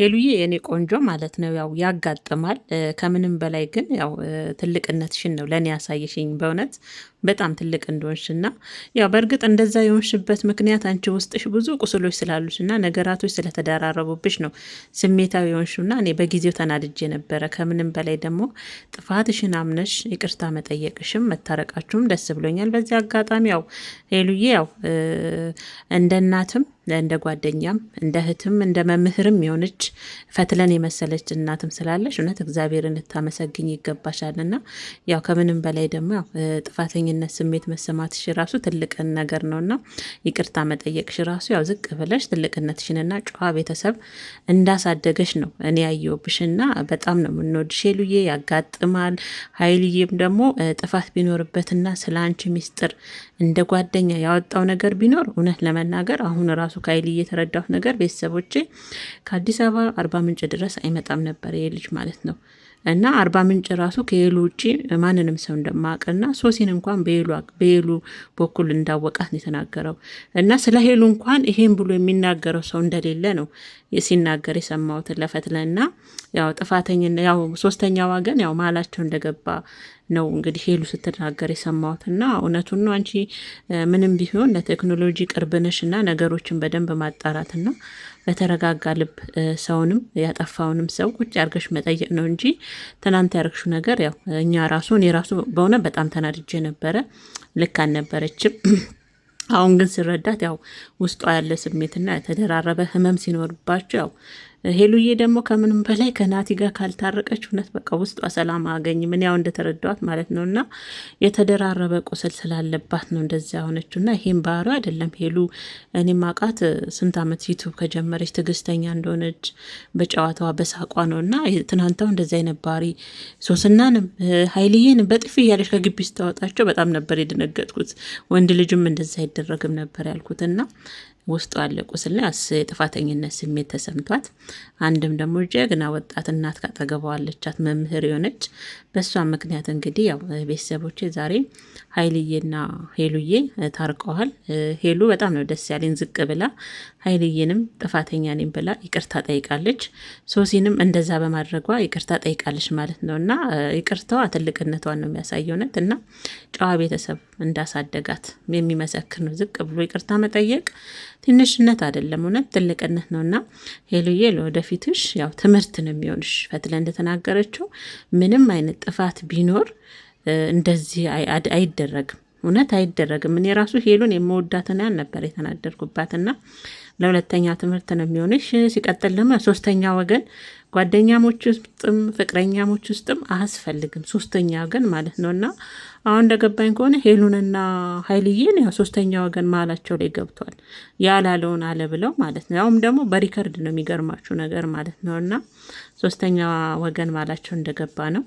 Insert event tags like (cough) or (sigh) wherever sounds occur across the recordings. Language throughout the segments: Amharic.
ሄሉዬ የኔ ቆንጆ ማለት ነው ያው ያጋጥማል። ከምንም በላይ ግን ያው ትልቅነትሽን ነው ለእኔ ያሳየሽኝ በእውነት በጣም ትልቅ እንደሆንሽ እና ያው በእርግጥ እንደዛ የሆንሽበት ምክንያት አንቺ ውስጥሽ ብዙ ቁስሎች ስላሉሽ እና ነገራቶች ስለተደራረቡብሽ ነው ስሜታዊ የሆንሽው እና እኔ በጊዜው ተናድጄ ነበረ። ከምንም በላይ ደግሞ ጥፋትሽን አምነሽ ይቅርታ መጠየቅሽም መታረቃችሁም ደስ ብሎኛል። በዚህ አጋጣሚ ያው ሄሉዬ ያው እንደ እናትም እንደ ጓደኛም እንደ እህትም እንደ መምህርም የሆነች ፈትለን የመሰለች እናትም ስላለሽ እውነት እግዚአብሔርን ልታመሰግኝ ይገባሻልና ያው ከምንም በላይ ደግሞ ያው ጥፋተኛ የብቸኝነት ስሜት መሰማትሽ ራሱ ትልቅ ነገር ነው ነውና ይቅርታ መጠየቅሽ ራሱ ያው ዝቅ ብለሽ ትልቅነትሽንና ጨዋ ቤተሰብ እንዳሳደገሽ ነው እኔ ያየሁብሽና በጣም ነው የምንወድሽ ሄሉዬ። ያጋጥማል። ሀይልዬም ደግሞ ጥፋት ቢኖርበትና ስለ አንቺ ሚስጥር እንደ ጓደኛ ያወጣው ነገር ቢኖር እውነት ለመናገር አሁን ራሱ ከሀይልዬ የተረዳሁት ነገር ቤተሰቦቼ ከአዲስ አበባ አርባ ምንጭ ድረስ አይመጣም ነበር ይሄ ልጅ ማለት ነው እና አርባ ምንጭ ራሱ ከሄሉ ውጭ ማንንም ሰው እንደማቅና ሶሲን እንኳን ሳይሆን በሄሉ በኩል እንዳወቃት ነው የተናገረው እና ስለ ሄሉ እንኳን ይሄን ብሎ የሚናገረው ሰው እንደሌለ ነው ሲናገር ለፈትለ ለፈትለና ያው ጥፋተኝነት ያው ሶስተኛ ዋገን ያው መሀላቸው እንደገባ ነው እንግዲህ ሄሉ ስትናገር የሰማሁት እና እውነቱን ነው። አንቺ ምንም ቢሆን ለቴክኖሎጂ ቅርብነሽ እና ነገሮችን በደንብ ማጣራትና በተረጋጋ ልብ ሰውንም ያጠፋውንም ሰው ቁጭ አድርገሽ መጠየቅ ነው እንጂ ትናንት ያደረግሽው ነገር ያው እኛ ራሱ እኔ ራሱ በሆነ በጣም ተናድጄ ነበረ። ልክ አልነበረችም። (clears throat) አሁን ግን ስረዳት ያው ውስጧ ያለ ስሜትና የተደራረበ ህመም ሲኖርባቸው ያው ሄሉዬ ደግሞ ከምንም በላይ ከናቲ ጋር ካልታረቀች እውነት በቃ ውስጧ ሰላም አገኝ ምን ያው እንደተረዳዋት ማለት ነው። እና የተደራረበ ቁስል ስላለባት ነው እንደዚያ ሆነችው። እና ይሄም ባህሪ አይደለም ሄሉ። እኔም ማቃት ስንት ዓመት ዩቱብ ከጀመረች ትዕግስተኛ እንደሆነች በጨዋታዋ በሳቋ ነው። እና ትናንታው እንደዚ አይነት ባህሪ ሶስናንም ሀይልዬን በጥፊ እያለች ከግቢ ስታወጣቸው በጣም ነበር የደነገጥኩት። ወንድ ልጅም እንደዚ አይደረግም ነበር ያልኩት እና ውስጡ አለ ቁስልና የጥፋተኝነት ስሜት ተሰምቷት፣ አንድም ደግሞ ጀግና ወጣት እናት ካጠገቧ አለቻት መምህር የሆነች። በእሷ ምክንያት እንግዲህ ያው ቤተሰቦቼ ዛሬ ሀይልዬና ሄሉዬ ታርቀዋል። ሄሉ በጣም ነው ደስ ያለኝ ዝቅ ብላ ሀይልዬንም ጥፋተኛ ነኝ ብላ ይቅርታ ጠይቃለች። ሶሲንም እንደዛ በማድረጓ ይቅርታ ጠይቃለች ማለት ነው እና ይቅርታዋ ትልቅነቷን ነው የሚያሳየው እና ጨዋ ቤተሰብ እንዳሳደጋት የሚመሰክር ነው። ዝቅ ብሎ ይቅርታ መጠየቅ ትንሽነት አይደለም፣ እውነት ትልቅነት ነው እና ሄሉዬ ለወደፊትሽ ያው ትምህርት ነው የሚሆንሽ። ፈትለ እንደተናገረችው ምንም አይነት ጥፋት ቢኖር እንደዚህ አይደረግም። እውነት አይደረግም። እኔ ራሱ ሄሉን የመወዳትን ያን ነበር የተናደርኩባትና ለሁለተኛ ትምህርት ነው የሚሆንሽ። ሲቀጥል ደግሞ ሶስተኛ ወገን ጓደኛሞች ውስጥም ፍቅረኛሞች ውስጥም አያስፈልግም ሶስተኛ ወገን ማለት ነው። እና አሁን እንደገባኝ ከሆነ ሄሉንና ሀይልዬን ያው ሶስተኛ ወገን መሀላቸው ላይ ገብቷል። ያላለውን አለ ብለው ማለት ነው። ያውም ደግሞ በሪከርድ ነው የሚገርማችሁ ነገር ማለት ነው። እና ሶስተኛ ወገን መሀላቸው እንደገባ ነው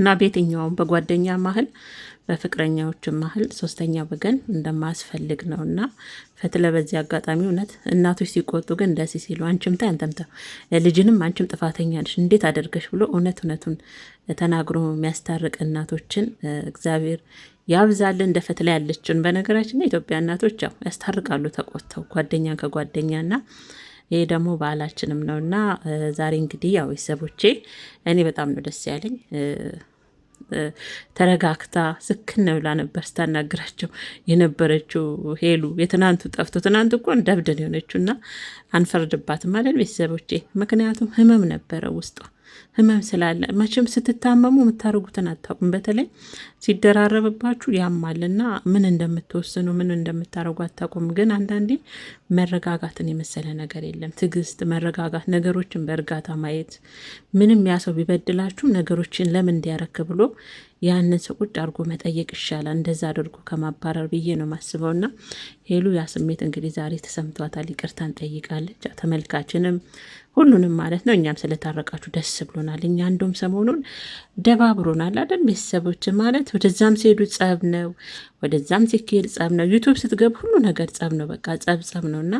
እና በየትኛውም በጓደኛ ማህል በፍቅረኛዎች ማህል ሶስተኛ ወገን እንደማያስፈልግ ነው እና ፈትለ በዚህ አጋጣሚ እውነት እናቶች ሲቆጡ ግን ደስ ሲሉ አንቺም ታይ አንተም ታ ልጅንም አንቺም ጥፋተኛ ነሽ እንዴት አደርገሽ ብሎ እውነት እውነቱን ተናግሮ የሚያስታርቅ እናቶችን እግዚአብሔር ያብዛልን እንደ ፈትላ ያለችን። በነገራችን ኢትዮጵያ እናቶች ያው ያስታርቃሉ ተቆጥተው ጓደኛ ከጓደኛ ና ይሄ ደግሞ ባህላችንም ነው እና ዛሬ እንግዲህ ያው ቤተሰቦቼ እኔ በጣም ነው ደስ ያለኝ። ተረጋግታ ስክን ብላ ነበር ስታናግራቸው የነበረችው ሄሉ። የትናንቱ ጠፍቶ ትናንት እኮ እንደብድን የሆነችው እና አንፈርድባትም አይደል ቤተሰቦቼ? ምክንያቱም ህመም ነበረ ውስጧ ህመም ስላለ መቼም ስትታመሙ የምታደርጉትን አታውቁም። በተለይ ሲደራረብባችሁ ያማልና ምን እንደምትወስኑ ምን እንደምታደርጉ አታውቁም። ግን አንዳንዴ መረጋጋትን የመሰለ ነገር የለም። ትዕግስት፣ መረጋጋት፣ ነገሮችን በእርጋታ ማየት ምንም ያ ሰው ቢበድላችሁም ነገሮችን ለምን እንዲያረክ ብሎ ያንን ሰው ቁጭ አድርጎ መጠየቅ ይሻላል፣ እንደዛ አድርጎ ከማባረር ብዬ ነው ማስበው። እና ሄሉ ያ ስሜት እንግዲህ ዛሬ ተሰምቷታል፣ ይቅርታን ጠይቃለች። ተመልካችንም ሁሉንም ማለት ነው። እኛም ስለታረቃችሁ ደስ ብሎናል። እኛ እንደውም ሰሞኑን ደባብሮናል አይደል ቤተሰቦች ማለት ማለት ወደዛም ሲሄዱ ጸብ ነው፣ ወደዛም ሲካሄድ ጸብ ነው። ዩቱብ ስትገብ ሁሉ ነገር ጸብ ነው፣ በቃ ጸብ ጸብ ነው እና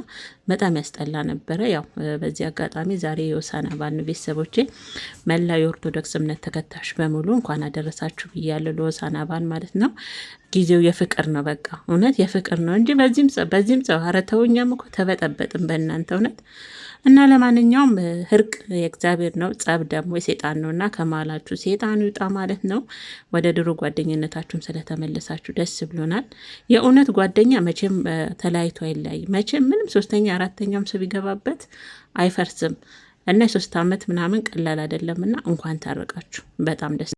በጣም ያስጠላ ነበረ። ያው በዚህ አጋጣሚ ዛሬ የሆሳዕና በዓል ነው። ቤተሰቦቼ መላው የኦርቶዶክስ እምነት ተከታዮች በሙሉ እንኳን አደረሳችሁ ብያለሁ ለሆሳዕና በዓል ማለት ነው። ጊዜው የፍቅር ነው፣ በቃ እውነት የፍቅር ነው እንጂ በዚህም በዚህም ጸብ ኧረ ተው፣ እኛም እኮ ተበጠበጥን በእናንተ እውነት እና ለማንኛውም እርቅ የእግዚአብሔር ነው፣ ጸብ ደግሞ የሴጣን ነው እና ከማላችሁ ሴጣን ይውጣ ማለት ነው ወደ ድሮ ጓደ ጓደኝነታችሁም ስለተመለሳችሁ ደስ ብሎናል። የእውነት ጓደኛ መቼም ተለያይቶ አይለያይ። መቼም ምንም ሶስተኛ አራተኛውም ሰው ቢገባበት አይፈርስም እና የሶስት ዓመት ምናምን ቀላል አይደለም እና እንኳን ታረቃችሁ በጣም ደስ